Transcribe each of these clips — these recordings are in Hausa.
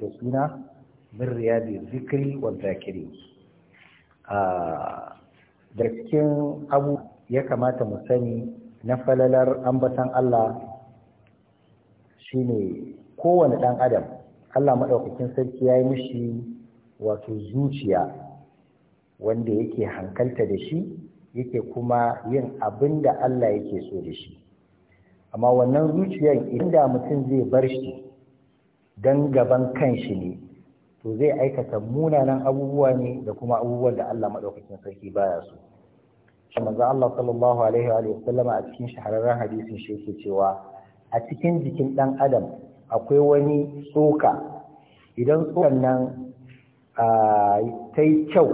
da suna min riyadi zikri wa zakiri da cikin abu ya kamata mu sani na falalar ambatan Allah shine kowane ɗan adam Allah maɗaukacin sarki ya yi mishi wato zuciya wanda yake hankalta da shi yake kuma yin abin da Allah yake so da shi amma wannan zuciyar da mutum zai bar shi Dan gaban kanshi ne to zai aikata munanan abubuwa ne da kuma abubuwan da Allah maɗaukakin sarki baya so shi manzo Allah sallallahu alaihi wa sallama a cikin shahararren hadisin shi yake cewa a cikin jikin ɗan adam akwai wani tsoka idan tsokan nan ta yi kyau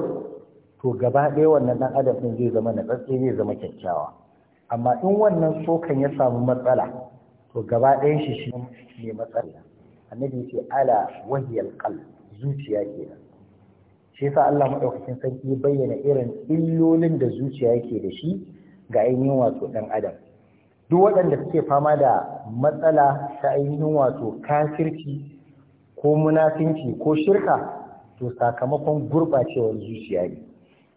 to gaba ɗaya wannan ɗan adam ɗin zai zama na tsatsi zai zama kyakkyawa amma in wannan tsokan ya samu matsala to gaba ɗayan shi shi ne matsala annabi ce ala wahiyal qalb zuciya kenan shi yasa Allah madaukakin sarki ya bayyana irin illolin da zuciya yake da shi ga ainihin wato dan adam duk waɗanda suke fama da matsala ta ainihin wato kafirci ko munafinci ko shirka to sakamakon gurbacewar zuciya ne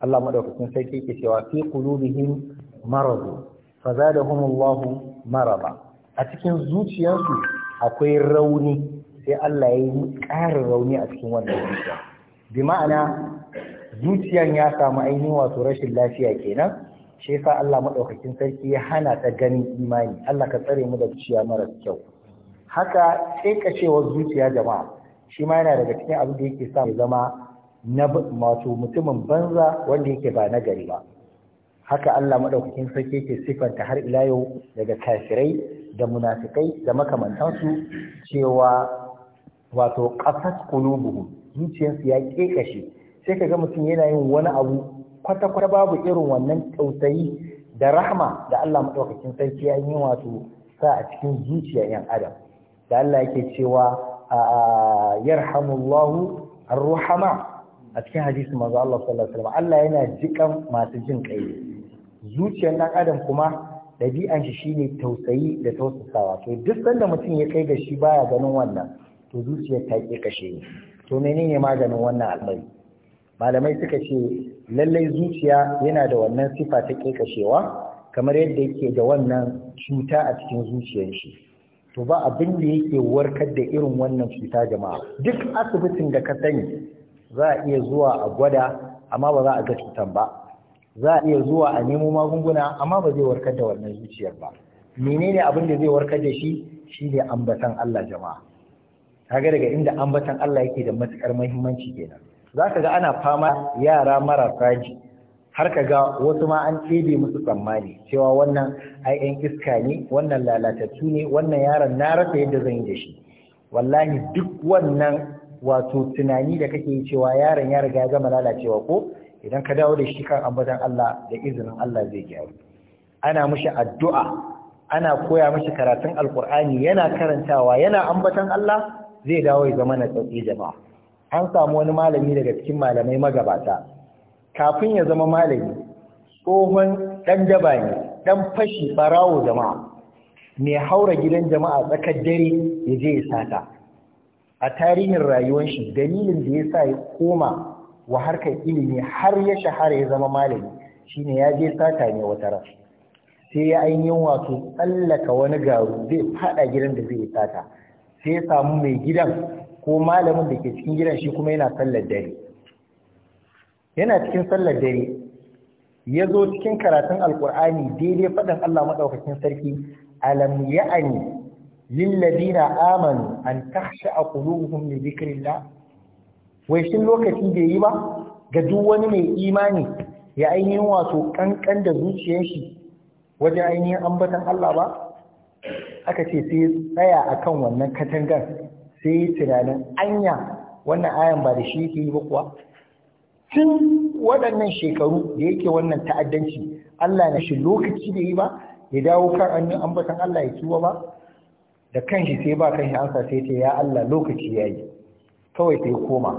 Allah madaukakin sarki yake cewa fi qulubihim maradu fazadahumullahu maraba a cikin zuciyarsu akwai rauni sai Allah ya yi ƙarin rauni a cikin wannan zuciya bi ma'ana zuciyan ya samu ainihin wato rashin lafiya kenan shi yasa Allah maɗaukakin sarki ya hana ta ganin imani Allah ka tsare mu da zuciya mara kyau haka tsekacewar zuciya jama'a shi ma yana daga cikin abin da yake sa zama na wato mutumin banza wanda yake ba na gari ba haka Allah madaukakin sarki yake sifanta har ila yau daga kafirai da munafikai da makamantansu cewa wato qasat qulubuhum zuciyarsu ya kekashe sai kaga mutum yana yin wani abu kwata kwata babu irin wannan tausayi da rahma da Allah madaukakin sarki ya yi wato sa a cikin zuciyar yan adam da Allah yake cewa yarhamullahu ar-ruhama a cikin hadisi manzo Allah sallallahu alaihi wasallam Allah yana jikan masu jin kai zuciyar ɗan adam kuma ɗabi'an shi shine tausayi da tausasawa to duk sanda mutum ya kai ga shi baya ganin wannan to zuciyar ta ke kashe ne to menene maganin wannan al'amari malamai suka ce lallai zuciya yana da wannan sifa ta ke kashewa kamar yadda yake da wannan cuta a cikin zuciyar shi to ba abin da yake warkar da irin wannan cuta jama'a duk asibitin da ka sani za a iya zuwa a gwada amma ba za a ga cutan ba za a iya zuwa a nemo magunguna amma ba zai warkar da wannan zuciyar ba menene abin da zai warkar da shi shine ambatan Allah jama'a kaga daga inda ambatan Allah yake da matukar muhimmanci kenan zaka ga ana fama yara marasa ji har ka ga wasu ma an tsebe musu tsammani cewa wannan ai iska ne wannan lalatattu ne wannan yaron na rasa yadda zan yi da shi wallahi duk wannan wato tunani da kake yi cewa yaron ya riga ya gama lalacewa ko idan ka dawo da shi kan ambatan Allah da izinin Allah zai gyaru ana mishi addu'a ana koya mishi karatun alkur'ani yana karantawa yana ambatan Allah zai dawo ya zama na tsauki jama'a an samu wani malami daga cikin malamai magabata kafin ya zama malami tsohon dan daba ne dan fashi barawo jama'a mai haura gidan jama'a tsakar dare ya je ya sata a tarihin rayuwar shi dalilin da ya sa ya koma wa harkar ilimi har ya shahara ya zama malami shine ya je sata ne wata ran sai ya ainihin wato tsallaka wani garu zai fada gidan da zai sata sai ya samu mai gidan ko malamin da ke cikin gidan shi kuma yana sallar dare yana cikin sallar dare ya zo cikin karatun alkur'ani daidai faɗin Allah maɗaukakin sarki alam ya'ani lilladina amanu an tahsha qulubuhum li dhikrillah wai shin lokaci bai yi ba ga duk wani mai imani ya ainihin wato kankan da zuciyar shi wajen ainihin ambatan Allah ba aka ce sai tsaya akan wannan katangar sai tunanin anya wannan ayan ba da shi yake yi ba kuwa tun waɗannan shekaru da yake wannan ta'addanci Allah na shi lokaci da yi ba ya dawo kan an yi ambatan Allah ya kiwa ba da kanshi sai ba kan kanshi ansa sai ce ya Allah lokaci ya yi kawai sai koma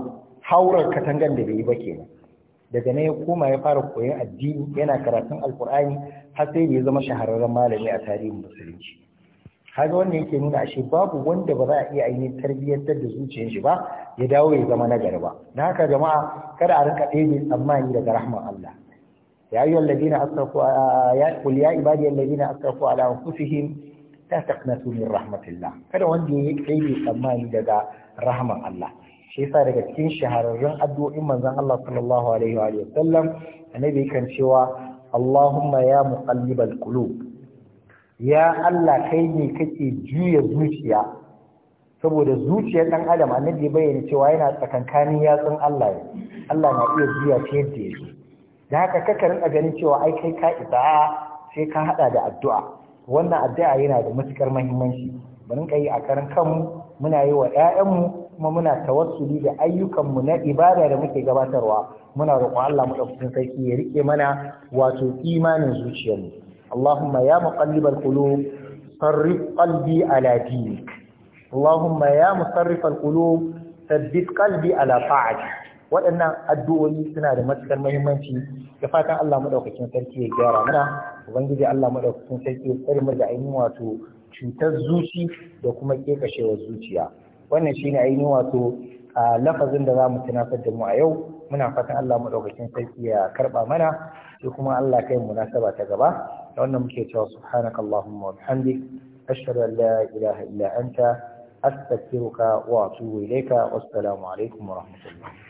haurar katangar da bai yi ba kenan daga nan ya koma ya fara koyon addini yana karatun alkur'ani har sai da ya zama shahararren malami a tarihin musulunci har wannan yake nuna ashe babu wanda ba za a iya ainihin tarbiyyantar da zuciyar shi ba ya dawo ya zama nagari ba na haka jama'a kada a rinka ɗebe tsammani daga rahman Allah ya ayyuhal ladina asrafu ya qul ya ibadiyal ladina asrafu ala anfusihim la min kada wanda ya yi ɗebe tsammani daga rahman Allah shi yasa daga cikin shahararrun addu'o'in manzon Allah sallallahu alaihi wa sallam annabi kan cewa Allahumma ya muqallibal qulub ya Allah kai ne kake juya zuciya saboda zuciyar dan adam annabi bayyana cewa yana tsakankanin yatsun Allah ne Allah na iya juya ta yadda yake da haka kaka rinka ganin cewa ai kai ka isa sai ka hada da addu'a wannan addu'a yana da matukar muhimmanci bari rinka yi a karan kanmu muna yi wa 'ya'yanmu kuma muna tawassuli da ayyukanmu na ibada da muke gabatarwa muna roƙon Allah madaukakin sarki ya rike mana wato imanin zuciyarmu Allahumma ya muqallibal qulub sarrif qalbi ala dinik Allahumma ya musarrifal qulub sabbit qalbi ala ta'atik waɗannan addu'o'i suna da matukar muhimmanci da fatan Allah madaukakin sarki ya gyara mana ubangiji Allah madaukakin sarki ya tsare mu da ainihin wato cutar zuci da kuma kekashewar zuciya wannan shine ainihin wato lafazin da za mu tunafar da mu a yau muna fatan Allah madaukakin sarki ya karɓa mana sai kuma Allah kai munasaba ta gaba da wannan muke cewa subhanakallahumma wa bihamdik ashhadu an la ilaha illa anta astaghfiruka wa atubu ilayka wassalamu alaikum wa rahmatullah